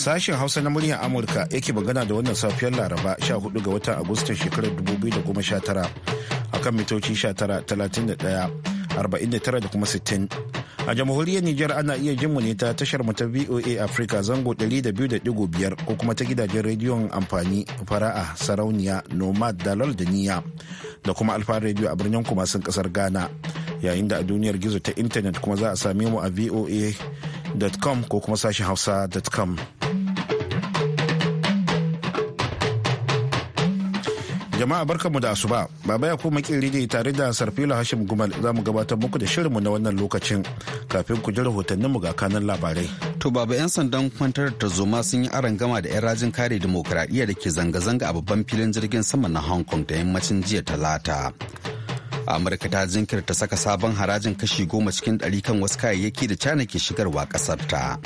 Sashen Hausa na muryar Amurka yake magana da wannan safiyar Laraba 14 ga watan Agustan shekarar 2019 akan mitoci 19, da kuma 60. a jamhuriyar Nijar ana iya jin mu ne ta tashar mu ta VOA Africa zango 200.5 ko kuma ta gidajen rediyon amfani fara'a sarauniya nomad dalal da niya da kuma alfa rediyo a birnin kumasin kasar Ghana yayin da a duniyar gizo ta intanet kuma za a same mu a voa.com ko kuma sashen hausa.com Jama'a barkanmu da asuba. Baba ya kuma ne tare da Sarfila Hashim Gumal za mu gabatar muku da shirinmu na wannan lokacin kafin ku ji rahotanninmu ga kanan labarai. To baba 'yan sandan kwantar da zoma sun yi aron gama da 'yan rajin kare dimokuraɗiyya da ke zanga-zanga a babban filin jirgin sama na Hong Kong da yammacin jiya talata. Amurka ta jinkirta saka sabon harajin kashi goma cikin ɗari kan wasu kayayyaki da China ke shigarwa ƙasarta. ta.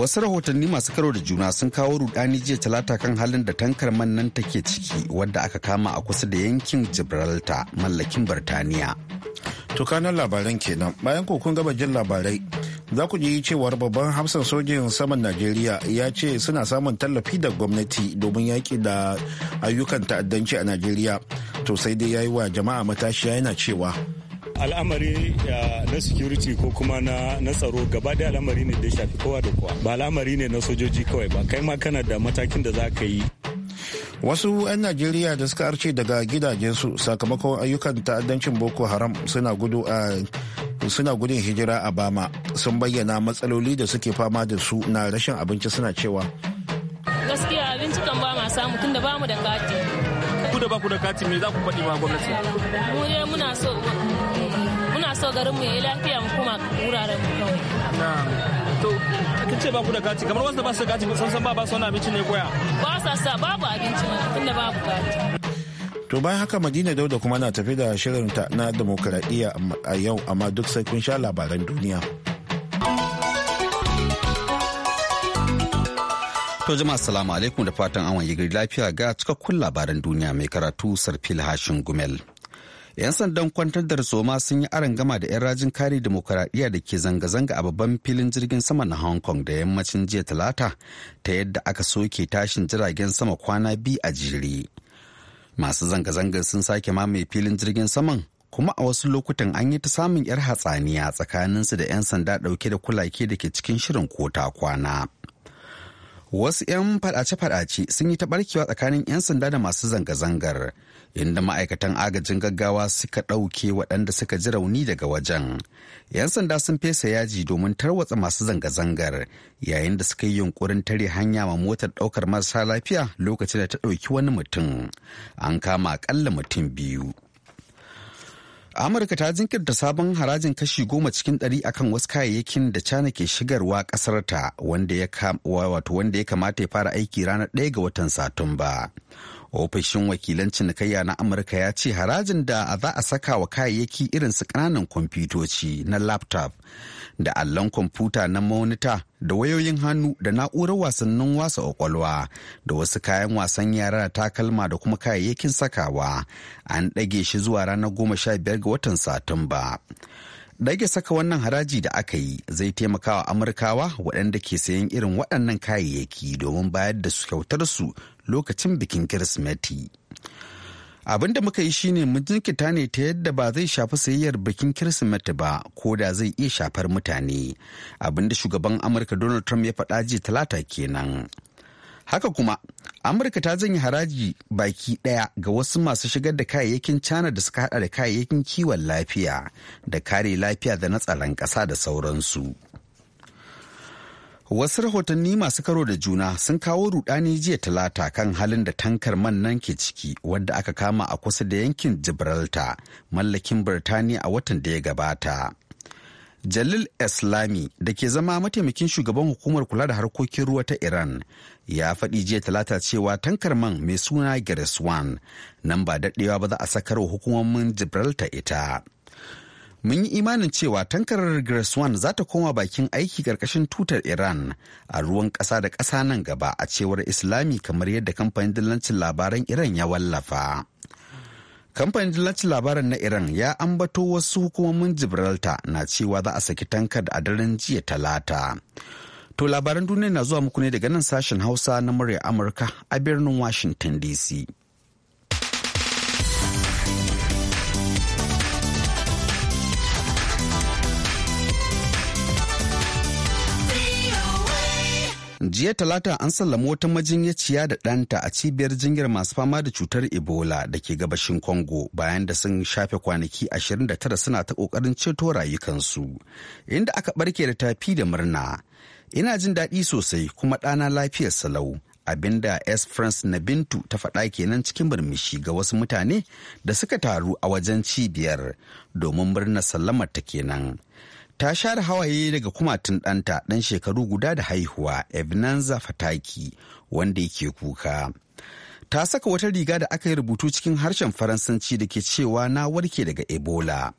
wasu rahotanni masu karo da juna sun kawo rudani jiya talata kan halin da tankar man nan take ciki wadda aka kama a kusa da yankin gibraltar mallakin birtaniya tukanan labaran kenan bayan kokun gaba jin labarai za ku ji cewar babban hamsan sojin saman najeriya ya ce suna samun tallafi da gwamnati domin yaƙi da ayyukan ta'addanci a najeriya to sai dai ya yi wa jama'a matashiya yana cewa al'amari na security ko kuma na tsaro gaba da al'amari ne da shafi kowa da kowa ba al'amari ne na sojoji kawai ba kai ma kana da matakin da za ka yi wasu 'yan najeriya da suka arce daga gidajensu sakamakon ayyukan ta'addancin boko haram suna gudu a suna gudun hijira a bama sun bayyana matsaloli da suke fama da su na rashin abinci suna cewa gaskiya abinci kan ba ma samu tunda ba mu da gadi ku da baku da kati me za ku faɗi ma gwamnati mu dai muna so muna so garin mu yi lafiya mu kuma wuraren mu kawai to kin ce baku da kati kamar wanda ba su da kati sun san ba ba su abinci ne koya ba sa sa babu abinci ma tunda babu kati To bayan haka Madina Dauda kuma na tafi da shirinta na demokaradiyya a yau amma duk sai kun sha labaran duniya. To jama'a salamu alaikum da fatan an waye gari lafiya ga cikakkun labaran duniya mai karatu Sarfil Hashin Gumel. 'Yan sandan kwantar da rasoma sun yi aron gama da 'yan rajin kare demokuraɗiyya da ke zanga-zanga a babban filin jirgin sama na Hong Kong da yammacin jiya talata ta yadda aka soke tashin jiragen sama kwana biyu a jere. Masu zanga-zangar sun sake mamaye filin jirgin saman kuma a wasu lokutan an yi ta samun 'yar hatsaniya tsakaninsu da 'yan sanda ɗauke da kulake da ke cikin shirin kota kwana. wasu 'yan fadace-fadace sun yi ta tsakanin 'yan sanda da masu zanga-zangar inda ma'aikatan agajin gaggawa suka ɗauke waɗanda suka ji rauni daga wajen 'yan sanda sun fesa yaji domin tarwatsa masu zanga-zangar yayin da suka yi yunkurin tare hanya ma motar ɗaukar marasa lafiya lokacin da ta ɗauki wani mutum an kama akalla mutum biyu amurka ta jinkirta sabon harajin kashi goma cikin ɗari akan wasu kayayyakin da china ke shigarwa ƙasar ta wanda ya kamata ya fara aiki ranar ɗaya ga watan satumba ofishin wakilan cinikayya na amurka ya ce harajin da za a saka wa kayayyaki irin su ƙananan kwamfutoci na laptop da allon kwamfuta na monita da wayoyin hannu da na'urar wasannin wasa kwakwalwa da wasu kayan wasan yara da takalma da kuma kayayyakin sakawa an ɗage shi zuwa ranar goma sha biyar ga watan satumba ɗage saka wannan haraji da aka yi zai taimakawa amurkawa waɗanda ke sayan irin waɗannan kayayyaki domin bayar da su kyautar su lokacin bikin kirsimeti abin da muka yi shine mun jinkita ne ta yadda ba zai shafi sayayyar bikin kirsimeti ba ko da zai iya shafar mutane abin da shugaban amurka donald trump ya faɗa jiya talata kenan haka kuma amurka ta zanyi haraji baki ɗaya ga wasu masu shigar da kayayyakin cana da suka hada da kayayyakin kiwon lafiya da kare lafiya da na tsaron ƙasa da sauransu Wasu rahotanni masu karo da juna sun kawo rudani jiya talata kan halin da tankar man nan ke ciki wadda aka kama a kusa da yankin Gibraltar mallakin Birtaniya a watan da ya gabata. Jalil Islami da ke zama mataimakin shugaban hukumar kula da harkokin ruwa ta Iran ya faɗi jiya talata cewa tankar man mai suna Geres one nan ba daɗewa ba za a wa hukumomin Gibraltar ita. mun yi imanin cewa tankarar gras One za ta koma bakin aiki karkashin tutar Iran a ruwan ƙasa da ƙasa nan gaba a cewar Islami kamar yadda kamfanin dillancin labaran Iran ya wallafa. Kamfanin dillancin labaran na Iran ya ambato wasu hukumomin Gibraltar na cewa za a saki tankar a daren jiya talata. To labaran duniya na zuwa muku ne daga nan sashen Hausa na murya Amurka a birnin Washington DC. jiya talata an sallama wata majinyaciya da ɗanta a cibiyar jinyar masu fama da cutar ebola da ke gabashin congo bayan da sun shafe kwanaki 29 suna ta ƙoƙarin ceto rayukansu inda aka barke da tafi da murna ina jin daɗi sosai kuma ɗana lafiyar salau abinda s france na bintu ta faɗa kenan cikin murmushi ga wasu mutane da suka taru a wajen cibiyar domin murnar sallamar ta kenan ta share hawaye daga kumatun ɗanta ɗan shekaru guda da haihuwa ebenezer fataki wanda yake kuka ta saka wata riga da aka yi rubutu cikin harshen faransanci da ke cewa na warke daga ebola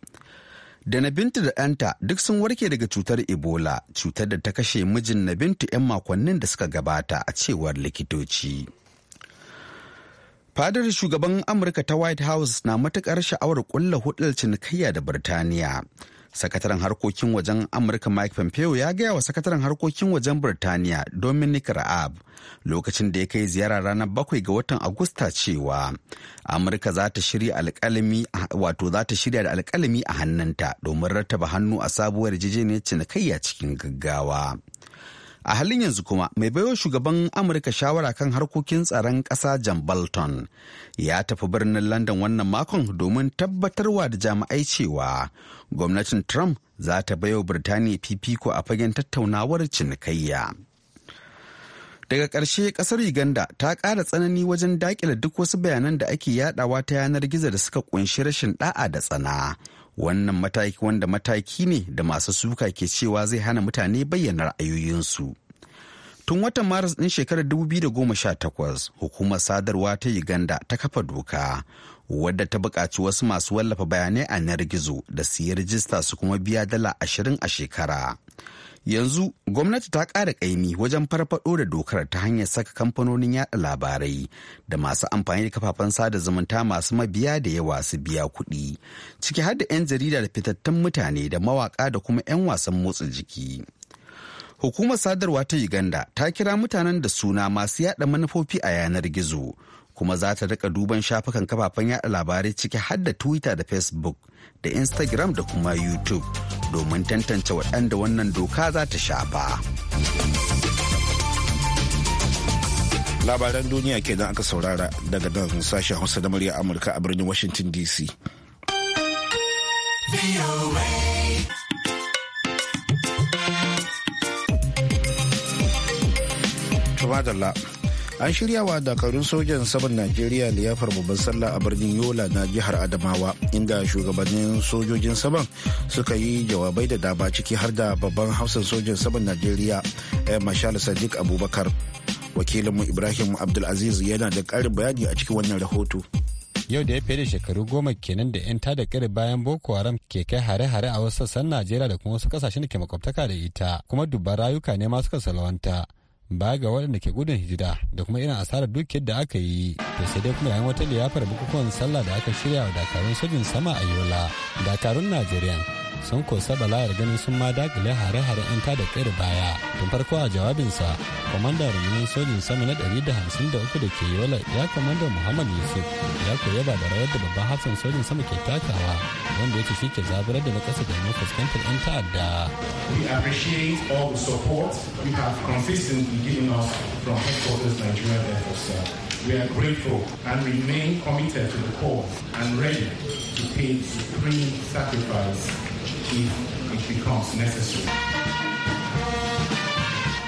da na binta da ɗanta duk sun warke daga cutar ebola cutar da ta kashe mijin na bintu 'yan makonnin da suka gabata a cewar likitoci fadar shugaban amurka ta white house na matukar sha'awar kulla hudar cinikayya da birtaniya sakataren harkokin wajen amurka mike pompeo ya gaya wa sakataren harkokin wajen birtaniya dominic raab lokacin da ya kai ziyara ranar bakwai ga watan agusta cewa amurka za ta shirya wato za ta shirya da alkalami a hannunta domin rattaba hannu a sabuwar jijiyar cinikayya cikin gaggawa a halin yanzu kuma mai baiwa shugaban amurka shawara kan harkokin tsaron ƙasa John bolton ya tafi birnin london wannan makon domin tabbatarwa da jami'ai cewa gwamnatin trump za ta baiwa birtaniya fifiko a fagen tattaunawar cinikayya daga ƙarshe ƙasar uganda ta ƙara tsanani wajen daƙile duk wasu bayanan da ake yadawa ta yanar gizo da suka ƙunshi rashin ɗa'a da tsana wannan mataki wanda mataki ne da masu suka ke cewa zai hana mutane bayyana ra'ayoyinsu tun watan maris ɗin shekarar 2018 hukumar sadarwa ta uganda ta kafa doka wadda ta buƙaci wasu masu wallafa bayanai a yanar gizo da su yi rijista su kuma biya dala ashirin a shekara yanzu gwamnati ta ƙara ƙaimi wajen farfaɗo da dokar ta hanyar saka kamfanonin yada labarai da masu amfani da kafafen sada zumunta masu mabiya da yawa su biya kuɗi ciki har da 'yan jarida da fitattun mutane da mawaƙa da kuma 'yan wasan motsa jiki hukumar sadarwa ta uganda ta kira mutanen da suna masu yada manufofi a yanar gizo kuma za ta rika duban shafukan kafafen yada labarai ciki har da twitter da facebook da instagram da kuma youtube domin tantance waɗanda wannan doka za ta shafa labaran duniya kenan aka saurara daga nan sashen hausa da murya amurka a birnin washington dc Tumadalla an shirya wa dakarun sojan saman najeriya liyafar babban sallah a birnin yola na jihar adamawa inda shugabannin sojojin saman suka yi jawabai da daba ciki har da babban hausan sojan saman najeriya air mashal sadiq abubakar wakilinmu ibrahim abdulaziz yana da karin bayani a cikin wannan rahoto yau da ya fiye da shekaru goma kenan da 'yan tada kare bayan boko haram ke kai hare-hare a wasu sassan najeriya da kuma wasu kasashen da ke makwabtaka da ita kuma dubban rayuka ne ma suka salawanta. ba ga waɗanda ke gudun hijira da kuma irin asarar dukiyar da aka yi to sai dai kuma yayin wata liyafar bukukuwan sallah da aka shirya wa dakarun sojin sama a yola dakarun najeriya sun kosa bala'ar ganin sun ma dakile hare-hare 'yan tada kayar baya tun farko a jawabinsa kwamandan rundunar sojin sama na 153 da ke yola ya kwamandan muhammad yusuf ya koya ba da rawar da babban hafsan sojin sama ke takawa wanda yake shi ke zaburar da na kasa da mu fuskantar 'yan ta'adda. we appreciate all the support you have consistently given us from headquarters nigerian air force we are grateful and remain committed to the cause and ready to pay supreme sacrifice if it becomes necessary.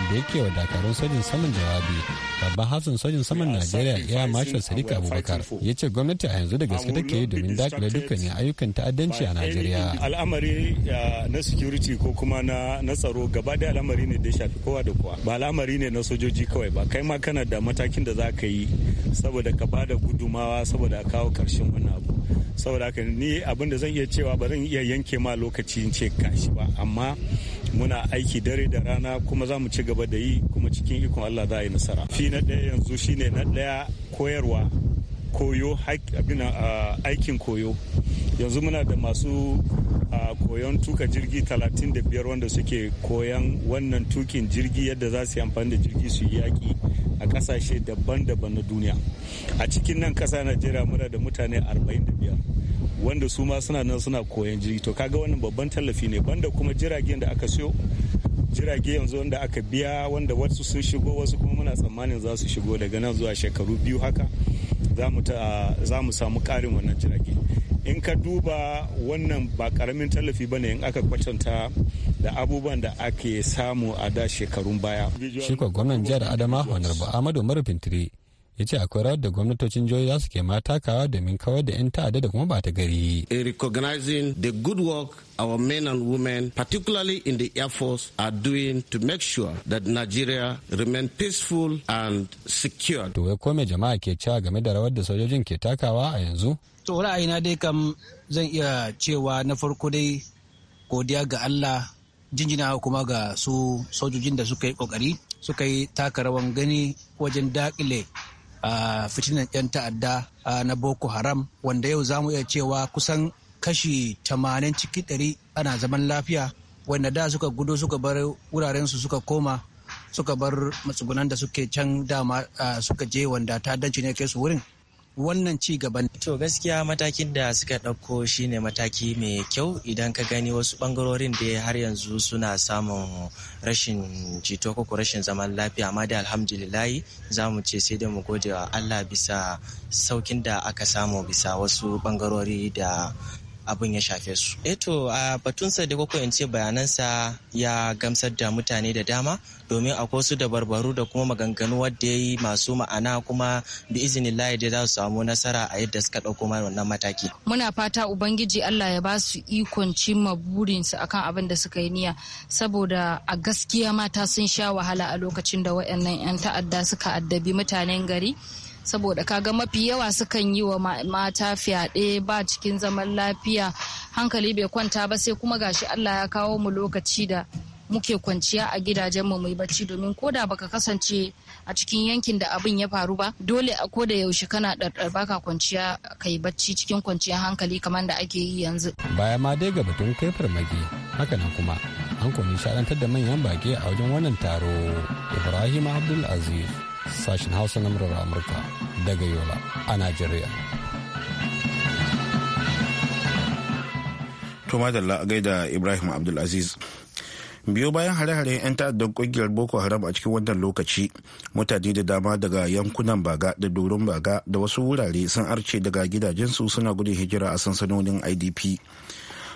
da wa dakarun sojin saman jawabi babban hasin sojin saman najeriya ya marshal sadiq abubakar ya ce gwamnati a yanzu da gaske take yi domin dakile dukkanin ayyukan ta'addanci a najeriya al'amari uh, na security ko kuma na tsaro gaba da al'amari ne da shafi kowa da kowa ba al'amari ne na sojoji kawai ba kai ma kana da matakin da za ka yi saboda ka bada gudumawa saboda a kawo karshen wannan abu saboda haka ni abin da zan iya cewa ba zan iya yanke ma lokaci ce kashi ba amma muna aiki dare da rana kuma za mu ci gaba da yi kuma cikin ikon Allah za a yi nasara fi na ɗaya yanzu shine na ɗaya koyarwa koyo abin aikin koyo yanzu muna da masu koyon tuka jirgi 35 wanda suke koyon wannan tukin jirgi yadda za su yi amfani da jirgi su yi yaƙi a kasashe daban-daban na duniya a cikin nan kasa najeriya muna da mutane 45 wanda su ma suna nan suna koyan jirgi to kaga wannan babban tallafi ne banda kuma jiragen da aka siyo jirage yanzu wanda aka biya wanda wasu sun shigo wasu kuma muna tsammanin za su shigo daga nan zuwa shekaru biyu haka za mu samu karin wannan jirage in ka duba wannan ba karamin tallafi ba ne in aka kwatanta da abubuwan da ake samu a da shekarun baya. Shekwa gwamnan jihar Adama Honorable Amadu Marufin Tire ya ce akwai rawar da gwamnatocin jihohi za su ke ma takawa domin kawar da 'yan ta'adda da kuma bata gari. In recognizing the good work our men and women, particularly in the Air Force, are doing to make sure that Nigeria remain peaceful and secure. To wai kome jama'a ke cewa game da rawar da sojojin ke takawa a yanzu? To ra'ayina dai kam zan iya cewa na farko dai godiya ga Allah jinjina kuma ga su sojojin da suka yi kokari suka yi taka rawan gani wajen dakile fitinan 'yan ta'adda na boko haram wanda yau za mu iya cewa kusan kashi 80 ciki 100 ana zaman lafiya wanda da suka gudo suka bar wurarensu suka koma suka bar matsugunan da suke can dama suka je wanda ta'addanci ne kai su wurin wannan ci gaban. To gaskiya matakin da suka ɗauko shine mataki mai kyau idan ka gani wasu ɓangarorin da har yanzu suna samun rashin jito ko rashin zaman lafiya amma da alhamdulillahi za mu ce sai da mu gode wa Allah bisa saukin da aka samu bisa wasu ɓangarori da abin ya shafe su. Eto eh a batunsa da ko in ce bayanansa ya gamsar da mutane da dama domin akwai wasu dabarbaru da kuma maganganu wadda ya yi masu ma'ana kuma da izinin layi da za su samu nasara a yadda suka ɗauko mai wannan mataki. Muna fata Ubangiji Allah ya ba su ikon cimma burinsu akan abin da suka yi niyya saboda a gaskiya mata sun sha wahala a lokacin da waɗannan 'yan ta'adda suka addabi mutanen gari. saboda kaga mafi yawa sukan yi wa mata fyaɗe ba cikin zaman lafiya hankali bai kwanta ba sai kuma gashi Allah ya kawo mu lokaci da muke kwanciya a gidajenmu mu yi bacci domin koda baka kasance a cikin yankin da abin ya faru ba dole a koda yaushe kana ɗarɗar baka kwanciya kai bacci cikin kwanciyar hankali kamar da ake yi yanzu. Baya ma dai ga batun kai farmaki hakanan kuma an kuma nishaɗantar da manyan baki a wajen wannan taro Ibrahim Abdul Aziz. sashen hausa na murar amurka daga yola a najeriya to a gaida ibrahim abdulaziz biyu bayan hare-hare 'yan ta'addar kungiyar boko haram a cikin wannan lokaci mutane da dama daga yankunan baga da doron baga da wasu wurare sun arce daga gidajensu suna gudun hijira a sansanonin idp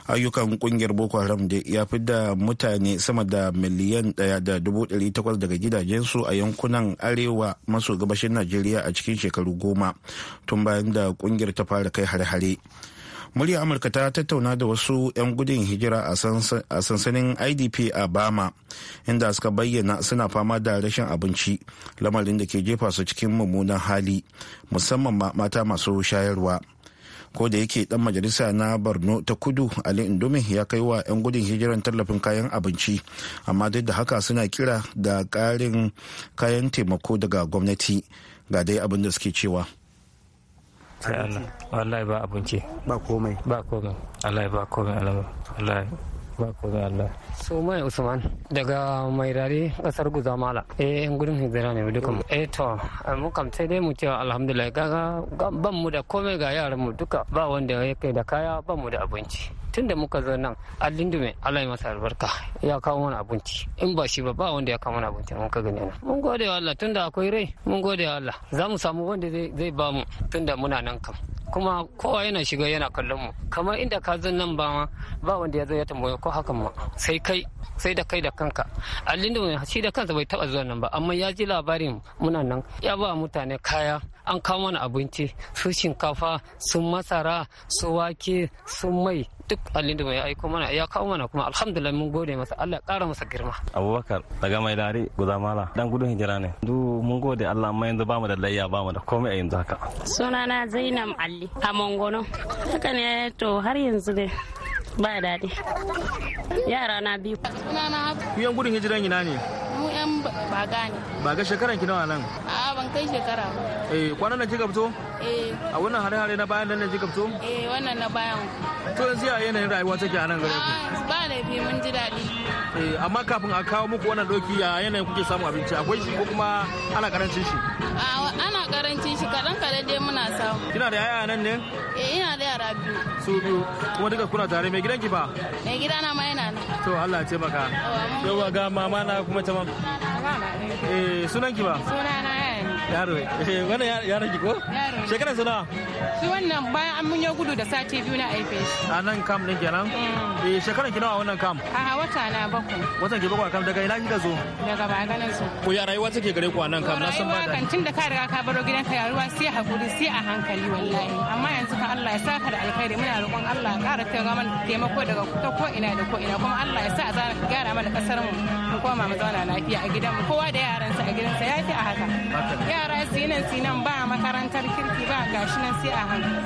ayyukan kungiyar boko haram da ya fi da mutane sama da miliyan ɗaya da dubu ɗari takwas daga gidajensu a yankunan arewa maso gabashin najeriya a cikin shekaru goma tun bayan da kungiyar ta fara kai hare-hare murya amurka ta tattauna da wasu 'yan gudun hijira a sansanin idp a bama inda suka bayyana suna fama da rashin abinci lamarin da ke jefa su cikin mummunan hali musamman mata masu shayarwa ko da yake dan majalisa na borno ta kudu ali indumi ya kai wa 'yan gudun hijiran tallafin kayan abinci amma duk da haka suna kira da karin kayan taimako daga gwamnati ga dai abin da suke cewa Allah wallahi ba abinci ba komai ba komai Allah ba komai Allah bako da Allah sumai usman daga mairari kasar guzamala eh in gurin hijira ne duka mu eh to mu kam sai dai mu ce alhamdulillah gaga ban mu da komai ga yaran mu duka ba wanda ya kai da kaya ban mu da abinci tun da muka zo nan a lindume Allah ya masa albarka ya kawo mana abinci in ba shi ba ba wanda ya kawo mana abinci mun ka gani nan mun gode wa Allah tunda akwai rai mun gode wa Allah za mu samu wanda zai ba mu tunda muna nan kam kuma kowa yana shiga yana kallon mu kamar inda ka zan nan ba ba wanda ya zo ya tambaye ko hakan ma sai kai sai da kai da kanka allin shi da kansa bai taba zuwa nan ba amma ya ji labarin muna nan ya ba mutane kaya an kawo mana abinci su shinkafa su masara su wake su mai duk alin da mai aiko mana ya kawo mana kuma alhamdulillah mun gode masa Allah kara masa girma abubakar daga mai dare guzamala dan gudun hijira ne du mun gode Allah amma yanzu bamu da layya bamu da komai a yanzu haka sunana zainab ali a mangono haka ne to har yanzu dai ba daɗi yara na biyu sunana yan gudun hijiran ina ne mu yan baga ne baga shekaran ki nawa nan a ban kai shekara eh kwanan nan kika fito eh a wannan hare-hare na bayan nan kika fito eh wannan na bayan to yanzu ya yanayin rayuwa take a nan gare ku ah, ba fi mun ji daɗi eh amma kafin a kawo muku wannan doki ya yanayin kuke samun abinci akwai shi ko kuma ana karancin shi a ah, ana karanci shi kaɗan kaɗan dai muna samu. Kina da yaya nan ne? Eh ina da yara biyu. Su biyu kuma duka kuna tare mai gidanki ba? Mai gida na ma yana nan. To Allah ya taimaka. Yawa ga mama na kuma ta mama. Eh sunan ki ba? Sunana yaro wani yaron ki ko shekarar suna su wannan bayan an munyo gudu da sati biyu na aife a nan kam din kenan mm. eh shekarar ki nawa wannan kam a wata na bakwai watan ki bakwai kam daga ina kika zo daga ba ganin su ko ya rayuwa take gare ku a nan kam na san ba da kan tunda ka riga ka baro gidan ka yaruwa sai hakuri sai a hankali wallahi amma yanzu fa Allah ya saka da alkhairi muna roƙon Allah ya ƙara taimako daga ko ina da ko ina kuma Allah ya sa a gyara mana kasar mu mu koma mu zauna lafiya a gidanmu kowa da yaransa a gidansa ya fi a haka yara su yi nan su nan ba makarantar kirki ba gashi nan sai a hankali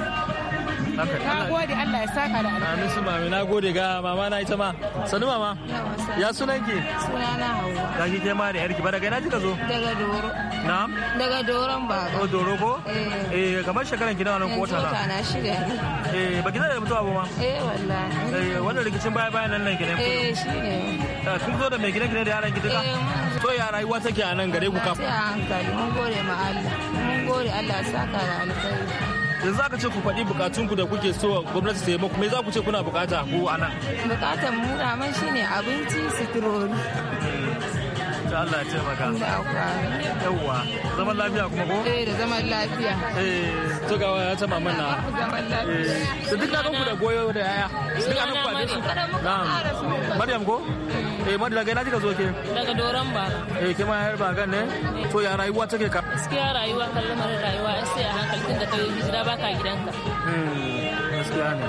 na gode Allah ya saka da Allah. amin su mami na gode ga mama na ita ma sanu mama ya sunan ki Suna hawa Hauwa. ki ke ma da yarki ba daga ina kika zo daga doro Na? daga doron ba o oh, doro ko eh. eh kamar shekaran ki nawa nan ko wata na na shida eh ba ki da mutuwa ba ma eh wallahi eh wannan rikicin baya bayan nan nan ki eh, ne eh shine sun zo da mai gine-gine da yaran ki duka? Eh, to ya rayuwa take a nan gare ku kafa? Sai hankali mun gode ma Allah. Mun gode Allah saka da alkhairi. Yanzu aka ce ku faɗi ku da kuke so gwamnati ta yi muku me za ku ce kuna bukata ku a nan? Bukatar mu da man shine abinci, suturori. da Allah ya taimaka yawwa zaman lafiya kuma ko eh da zaman lafiya eh to ga ya ta maman na zaman lafiya eh, to duk da ku da goyo da yaya duk an kwaje su na'am Maryam ko eh Maryam ga ina ka zo ke daga doron ba eh ke ma yar ba gan ne to ya rayuwa take ka gaskiya rayuwa kallon rayuwa sai a hankali tun da kai hijira baka gidanka hmm, gaskiya ne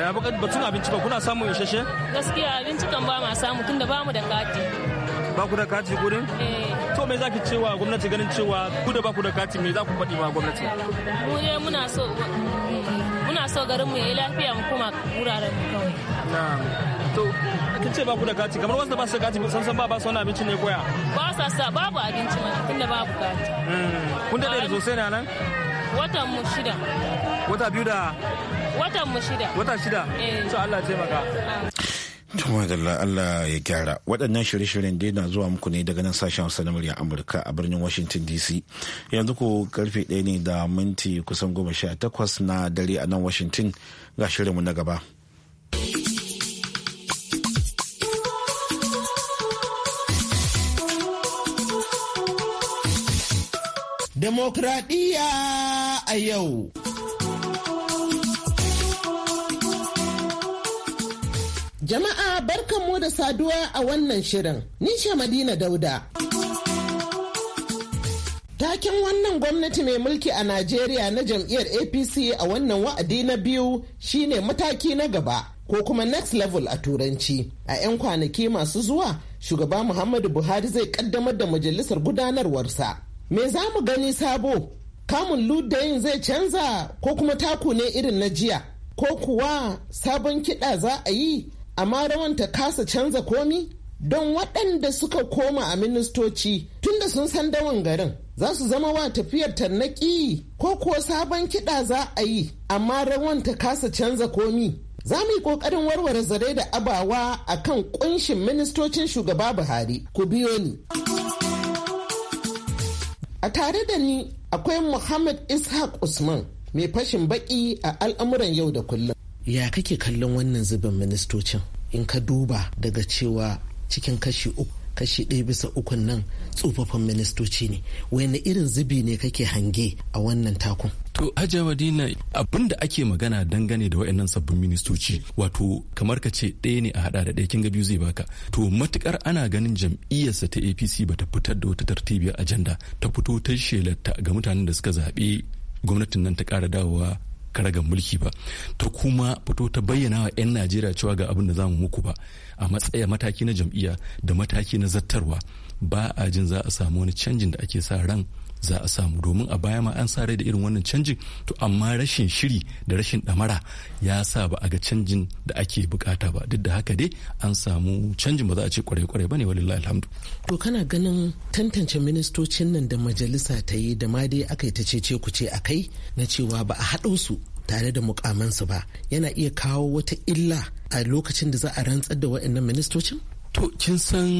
eh batun abinci ba kuna samun isasshe gaskiya abinci kan ba ma samu tunda ba mu da kati ba ku da kati gudun? Eh. to me zaki cewa gwamnati ganin cewa ku da ba ku da kati me za ku faɗi ma gwamnati mu ne muna so muna so garin mu yayi lafiya mu kuma wuraren kawai na'am to kin ce ba ku da kati kamar wasu da ba su da kati san san ba ba su abinci ne koya ba sa sa babu abinci ma tunda babu kati hmm. kun da da sosai na nan watan mu shida wata biyu da watan mu shida wata shida eh. to Allah ya taimaka Tumar da Allah ya gyara waɗannan shirye-shiryen da na zuwa muku ne daga nan sashen Hausa na murya Amurka a birnin Washington DC. Yanzu ko karfe ɗaya ne da minti kusan goma sha takwas na dare a nan Washington ga shirinmu na gaba. Demokradiyya a yau. Jama'a barkanmu da saduwa a wannan shirin. Ni ce Madina Dauda. Taken wannan gwamnati mai mulki a Najeriya na jam'iyyar APC a wannan wa'adi na biyu shine mataki na gaba ko kuma next level a turanci. A 'yan kwanaki masu zuwa, shugaba Muhammadu Buhari zai kaddamar da majalisar gudanarwarsa. Me za mu gani sabo? Kamun ludayin zai canza ko kuma taku ne irin na jiya? Ko kuwa sabon kiɗa za a yi? amma rawan ta kasa canza komi don waɗanda suka koma a ministoci tunda sun san dawan garin za su zama wa tafiyar tarnaƙi ko kuwa sabon kiɗa za a yi amma rawan ta kasa canza komi za mu yi ƙoƙarin warware zare da abawa a kan ƙunshin ministocin shugaba buhari ku biyo ni a tare da ni akwai muhammad ishaq usman mai fashin baƙi a al'amuran yau da kullum ya kake kallon wannan zubin ministocin in ka duba daga cewa cikin kashi uku kashi ɗaya bisa ukun nan tsofaffin ministoci ne wani irin zubi ne kake hange a wannan takun to hajiya madina abin da ake magana dangane da wa'annan sabbin ministoci wato kamar ka ce ɗaya ne a hada da ɗaya kinga biyu zai baka to matukar ana ganin jam'iyyarsa ta apc ba ta fitar da wata tartibiyar ajanda ta fito ta shelarta ga mutanen da suka zaɓe gwamnatin nan ta ƙara dawowa karagar mulki ba ta kuma fito ta bayyana wa 'yan najeriya cewa ga abin da zamu muku ba a matsaya mataki na jam'iyya da mataki na zattarwa ba a jin za a samu wani canjin da ake sa ran za a samu domin a baya ma an sa rai da irin wannan canjin to amma rashin shiri da rashin ɗamara ya sa ba a ga canjin da ake bukata ba duk da haka dai an samu canjin ba za a ce kwarai-kwarai ba ne walillahi alhamdu. to kana ganin tantance ministocin nan da majalisa ta yi da ma dai aka yi ta ce ku ce a kai na cewa ba a haɗo su tare da mukamansu ba yana iya kawo wata illa a lokacin da za a rantsar da waɗannan ministocin? To, kin san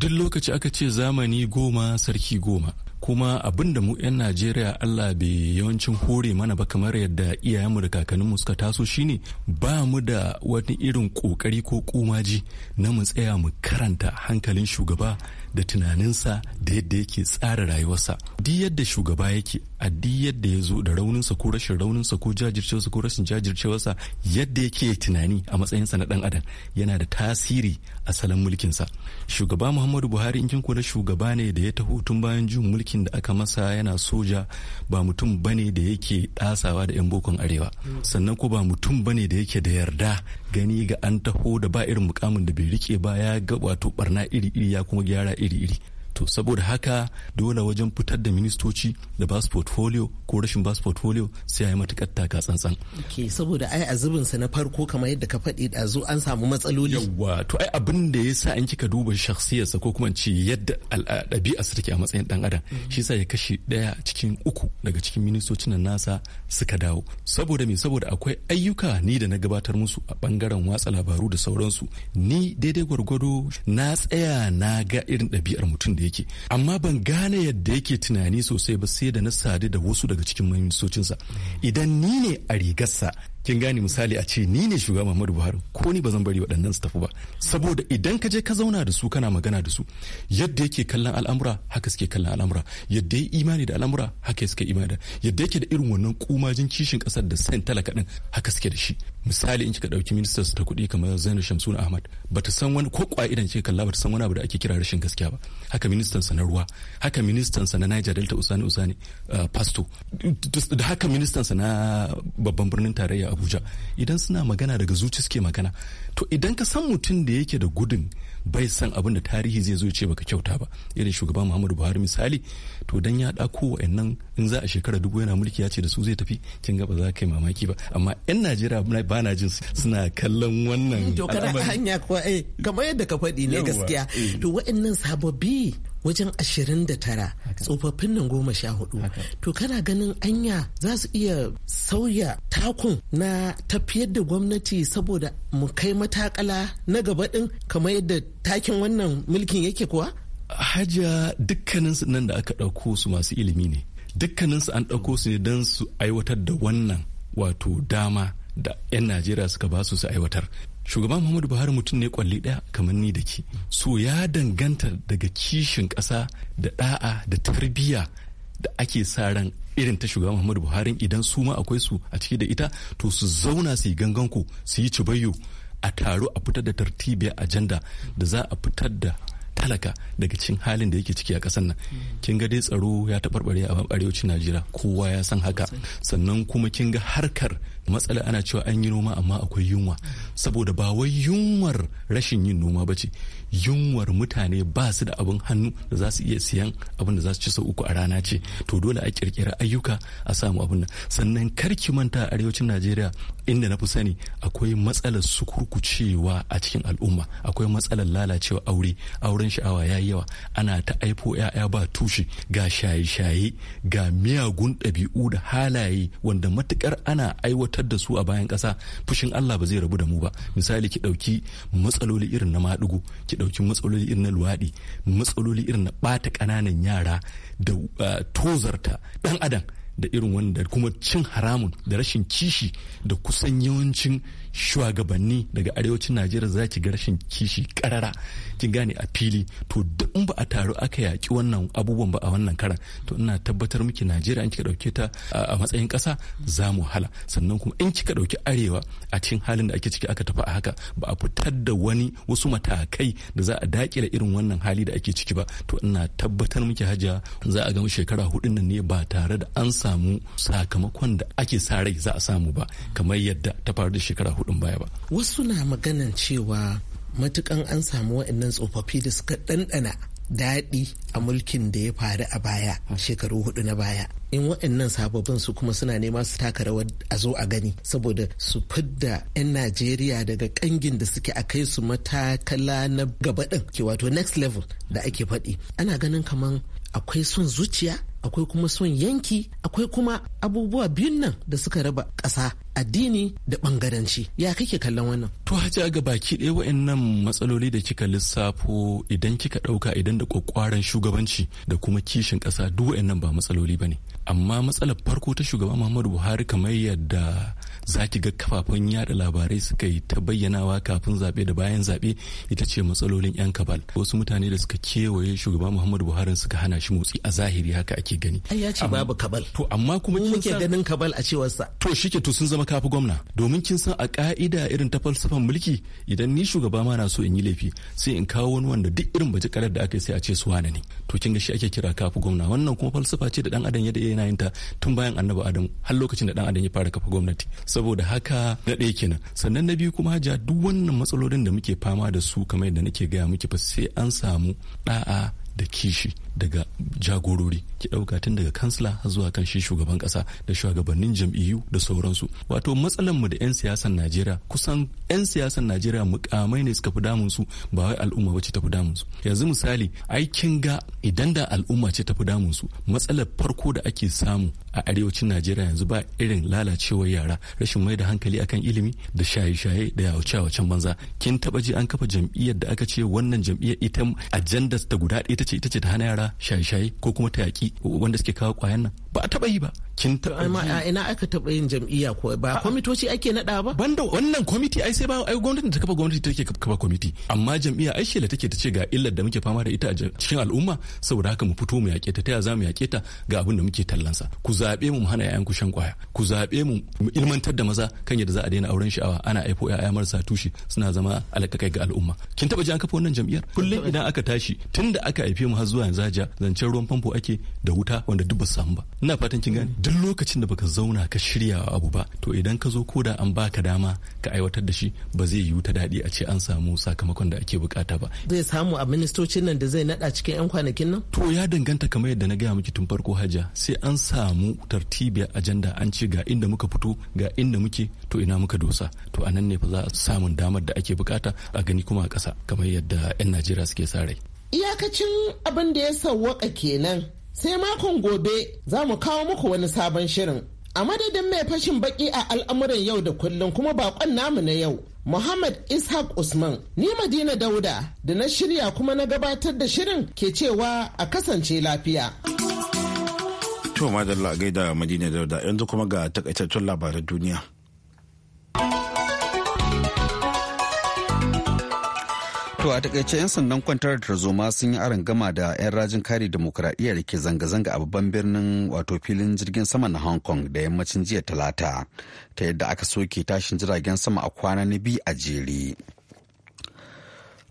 duk lokaci aka ce zamani goma sarki goma. kuma abinda da mu 'yan najeriya allah bai yawancin hore mana ba kamar yadda iyayenmu da kakanninmu suka taso shine ba mu da wani irin kokari ko kumaji na mu tsaya mu karanta hankalin shugaba da tunaninsa da yadda yake tsara rayuwarsa duk yadda shugaba yake a duk yadda ya zo da rauninsa ko rashin rauninsa ko jajircewarsa ko rashin jajircewarsa yadda yake tunani a matsayinsa na dan adam yana da tasiri a salon mulkinsa shugaba muhammadu buhari in kin kula shugaba ne da ya taho tun bayan jin mulkin da aka masa yana soja ba mutum bane da yake dasawa da yan bokon arewa sannan ko ba mutum bane da yake da yarda gani ga an taho da ba irin mukamin da bai rike ba ya ga wato barna iri iri ya kuma gyara 一里一里。to saboda haka dole wajen fitar da ministoci da basu portfolio ko rashin basu portfolio sai a yi matukar taka tsantsan saboda ai a zubin na farko kamar yadda ka faɗi da zo an samu matsaloli yawa to ai abin da ya sa an kika duba shakhsiyarsa ko kuma ce yadda su take a matsayin dan adam mhm. shi sa ya kashe ɗaya cikin uku daga cikin ministocin nan nasa suka dawo saboda me saboda akwai ayyuka ni da na gabatar musu a bangaren watsa labaru da sauransu ni daidai gwargwado na tsaya na ga irin ɗabi'ar mutum da yake amma ban gane yadda yake tunani sosai ba sai da na sadu da wasu daga cikin ministocinsa idan ni ne a rigarsa kin gane misali a ce ni ne shugaba Muhammadu Buhari ko ni ba zan bari waɗannan su tafi ba saboda idan ka je ka zauna da su kana magana da su yadda yake kallon al'amura haka suke kallon al'amura yadda ya imani da al'amura haka suke imani da yadda yake da irin wannan kumajin kishin kasar da san talaka din haka suke da shi misali in kika dauki ministers ta kuɗi kamar Zainab Shamsuna Ahmad bata san wani ko kwa idan ce kalla bata san wani abu da ake kira rashin gaskiya ba haka ministan sa na ruwa haka ministan sa na Niger Delta Usani Usani ah, Pasto da haka ministan sa na babban birnin tarayya abuja idan suna magana daga zuci suke magana to idan ka san mutum da yake da gudun bai san abin da tarihi zai zo ce baka kyauta ba irin shugaban muhammadu buhari misali to dan ya ɗako wayannan in za a shekara dubu yana mulki ya ce da su zai tafi kin ga ba za kai mamaki ba amma yan najeriya ba na jin suna kallon wannan to kana hanya ko eh kamar yadda ka faɗi ne gaskiya eh. to wayannan sababbi wajen ashirin da tara tsofaffin nan goma sha hudu to kana ganin anya za su iya sauya takun na tafiyar da gwamnati saboda mu kai matakala na gaba din kamar yadda takin wannan mulkin yake kuwa hajiya dukkaninsu nan da aka ɗauko su masu ilimi ne dukkaninsu an ɗauko su ne don su aiwatar da wannan wato dama da 'yan najeriya suka ba su su aiwatar shugaban muhammadu buhari mutum ne kwalli daya kamar ni da ke so ya danganta daga kishin ƙasa da da'a da tarbiyya da ake sa ran irin ta shugaban muhammadu buhari idan su ma akwai su a ciki da ita to su zauna su yi ganganku su yi cibayyo a taro a fitar da tartibiyar ajanda da za a fitar da talaka daga cikin halin da yake ciki a ƙasar nan kin ga dai tsaro ya taɓarɓare a arewacin najeriya kowa ya san haka sannan kuma kin ga harkar matsala ana cewa an yi noma amma akwai yunwa saboda ba wai yunwar rashin yin noma ba ce yunwar mutane ba su da abin hannu da za su iya siyan abin da za su ci sau uku a rana ce to dole a kirkira ayyuka a samu abin nan sannan karki manta a arewacin najeriya inda na fi sani akwai matsalar sukurkucewa a cikin al'umma akwai matsalar lalacewa aure auren sha'awa ya yi yawa ana ta aifo 'ya'ya ba tushe ga shaye-shaye ga miyagun ɗabi'u da halaye wanda matukar ana aiwatar da su a bayan ƙasa fushin allah ba zai rabu da mu ba misali ki ɗauki matsaloli irin na maɗigo ki ɗauki matsaloli irin na luwaɗi matsaloli irin na ɓata ƙananan yara da uh, tozarta ɗan adam da irin wanda kuma cin haramun da rashin kishi da kusan yawancin shugabanni daga arewacin najeriya za ki ga rashin kishi karara kin gane a fili to in ba a taru aka yaki wannan abubuwan ba a wannan karan to ina tabbatar miki najeriya in kika dauke ta a matsayin ƙasa za mu hala sannan kuma in kika dauki arewa a cikin halin da ake ciki aka tafi a haka ba a fitar da wani wasu matakai da za a dakile irin wannan hali da ake ciki ba to ina tabbatar miki hajiya za a gama shekara hudu nan ne ba tare da an samu sakamakon da ake sa rai za a samu ba kamar yadda ta faru da shekara hudu kuɗin baya ba wasu na maganan cewa matukan an samu waɗannan tsofaffi da suka ɗanɗana daɗi a mulkin da ya faru a baya shekaru hudu na baya in wa'annan sababbin su kuma suna nema su taka rawar a zo a gani saboda su fidda 'yan najeriya daga kangin da suke a kai su matakala na gaba ɗin ke wato next level da ake faɗi ana ganin kaman akwai son zuciya akwai kuma son yanki akwai kuma abubuwa biyun nan da suka raba ƙasa addini da bangaranci ya kake kallon wannan to haji ga baki ɗaya wa'annan matsaloli da kika lissafo idan kika ɗauka idan da ƙwaƙwaran shugabanci da kuma kishin ƙasa duk wa'annan ba matsaloli ba ne amma matsalar farko ta shugaba muhammadu buhari kamar yadda za ki ga kafafen yada labarai suka yi ta bayyanawa kafin zaɓe da bayan zaɓe ita ce matsalolin 'yan kabal wasu mutane da suka kewaye shugaba muhammadu buhari suka hana shi motsi a zahiri haka ake gani ya ce babu kabal to amma kuma kin ganin kabal a cewar sa to shike to sun zama kafi gwamna domin kin san a ka'ida irin ta falsafan mulki idan ni shugaba ma na so in yi laifi sai in kawo wani wanda duk irin baji karar da aka yi sai a ce su wane ne to kin ga shi ake kira kafi gwamna wannan kuma falsafa ce da dan adam ya yana yin ta tun bayan annabi adam har lokacin da dan adam ya fara kafa gwamnati saboda haka na ɗaya kenan sannan na biyu kuma haja duk wannan matsalolin da muke fama da su kamar yadda nake gaya muke fa sai an samu ɗa'a da kishi daga jagorori ki dauka tun daga kansila zuwa kan shi shugaban ƙasa da shugabannin jam'iyyu da sauransu wato matsalan mu da 'yan siyasan najeriya kusan 'yan siyasan najeriya mukamai ne suka fi damun su ba wai al'umma ce ta fi damun su yanzu misali aikin ga idan da al'umma ce ta fi damun su matsalar farko da ake samu a arewacin najeriya yanzu ba irin lalacewar yara rashin mai da hankali akan ilimi da shaye-shaye da yawace-yawacen banza kin taba ji an kafa jam'iyyar da aka ce wannan jam'iyyar ita ajandar ta guda ɗaya ita ce ita ce ta hana yara ta shaye ko kuma ta yaƙi wanda suke kawo ƙwayan nan ba a taba yi ba kin taba yi ina aka taba yin jam'iyya ko ba kwamitoci ake nada ba banda wannan kwamiti ai sai ba ai gwamnati ta kafa gwamnati take kafa kwamiti amma jam'iyya ai shela take ta ce ga illar da muke fama da ita a cikin al'umma saboda haka mu fito mu yake ta taya zamu yake ta ga abin da muke tallansa ku zabe mu hana yayan ku shan kwaya ku zabe mu mu ilmantar da maza kan yadda za a daina auren sha'awa ana aifo yaya marasa tushe suna zama alakakai ga al'umma kin taba ji an kafa wannan jam'iyyar kullum idan aka tashi tunda aka aife mu har zuwa yanzu zancen ruwan famfo ake da wuta wanda duk ba samu ba ina fatan kin gane duk lokacin da baka zauna ka shirya abu ba to idan ka zo ko da an baka dama ka aiwatar da shi ba zai yiwu ta daɗi a ce an samu sakamakon da ake bukata ba zai samu a ministocin nan da zai naɗa cikin yan kwanakin nan to ya danganta kamar yadda na gaya miki tun farko hajja sai an samu tartibiyar ajanda an ce ga inda muka fito ga inda muke to ina muka dosa to a nan ne fa za a samu damar da ake bukata a gani kuma a ƙasa kamar yadda 'yan najeriya suke sa rai iyakacin abin da ya sawwaka kenan sai makon gobe za mu kawo muku wani sabon shirin a madadin mai fashin baki a al'amuran yau da kullum kuma bakon namu na yau Muhammad Ishaq Usman ni Madina Dauda da na shirya kuma na gabatar da shirin ke cewa a kasance lafiya. To madalla gaida Madina Dauda yanzu kuma ga takaitattun labaran duniya. To a takaice 'yan sandan kwantar tarzoma sun yi aron gama da 'yan rajin kare demokuraɗiyya da ke zanga-zanga a babban birnin wato filin jirgin sama na Hong Kong da yammacin jiya talata ta yadda aka soke tashin jiragen sama a kwana na biyu a jere.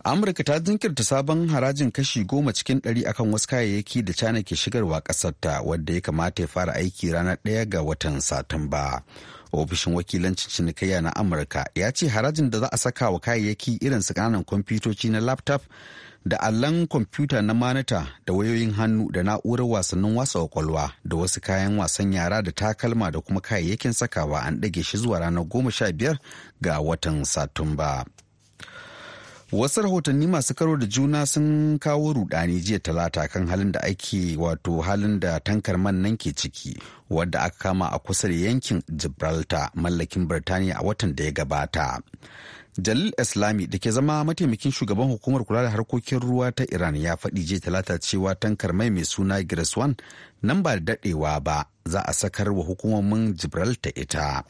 amurka ta jinkirta sabon harajin kashi goma cikin ɗari akan wasu kayayyaki da china ke shigarwa ƙasarta wadda ya kamata ya fara aiki ranar ɗaya ga watan satumba ofishin wakilancin cinikayya na amurka ya ce harajin da za a saka wa kayayyaki irin su kananan kwamfutoci na laptop da allon kwamfuta na manita da wayoyin hannu da na'urar wasannin wasa kwakwalwa da wasu kayan wasan yara da takalma da kuma kayayyakin sakawa an ɗage shi zuwa ranar goma sha biyar ga watan satumba wasu rahotanni masu karo da juna sun kawo rudani jiya talata kan halin da ake wato halin da tankar man nan ke ciki wadda aka kama a kusa da yankin gibraltar mallakin birtaniya a watan da ya gabata jalil islami da ke zama mataimakin shugaban hukumar kula da harkokin ruwa ta iran ya faɗi jiya talata cewa tankar mai mai suna gires 1 nan ba da daɗewa ba za a sakar wa hukumomin gibraltar ita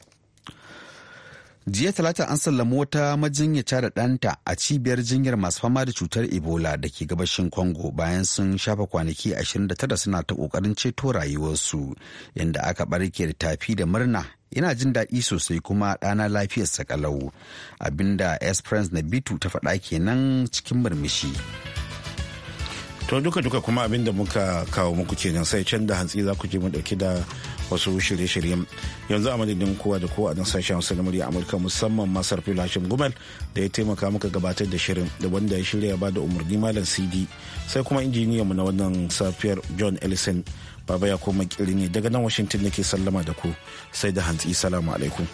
jiya talata an sallami wata majinyata da ɗanta a cibiyar jinyar masu fama da cutar ebola da ke gabashin congo bayan sun shafa kwanaki 29 suna ta ƙoƙarin ceto rayuwarsu inda aka barke da tafi da murna ina jin daɗi sosai kuma ɗana lafiyarsa kalau abinda esperance na bitu ta faɗa kenan cikin murmushi to duka duka kuma abinda muka kawo muku kenan sai can da hantsi za ku je mu ɗauki da wasu shirye-shiryen yanzu a madadin kowa da kowa don sashen hausa na murya amurka musamman masar filashin gumel da ya taimaka muka gabatar da shirin da wanda ya shirya ba da umarni malam cd sai kuma injiniyan mu na wannan safiyar john ellison baba ya koma ne daga nan washington da sallama da ku sai da hantsi salamu alaikum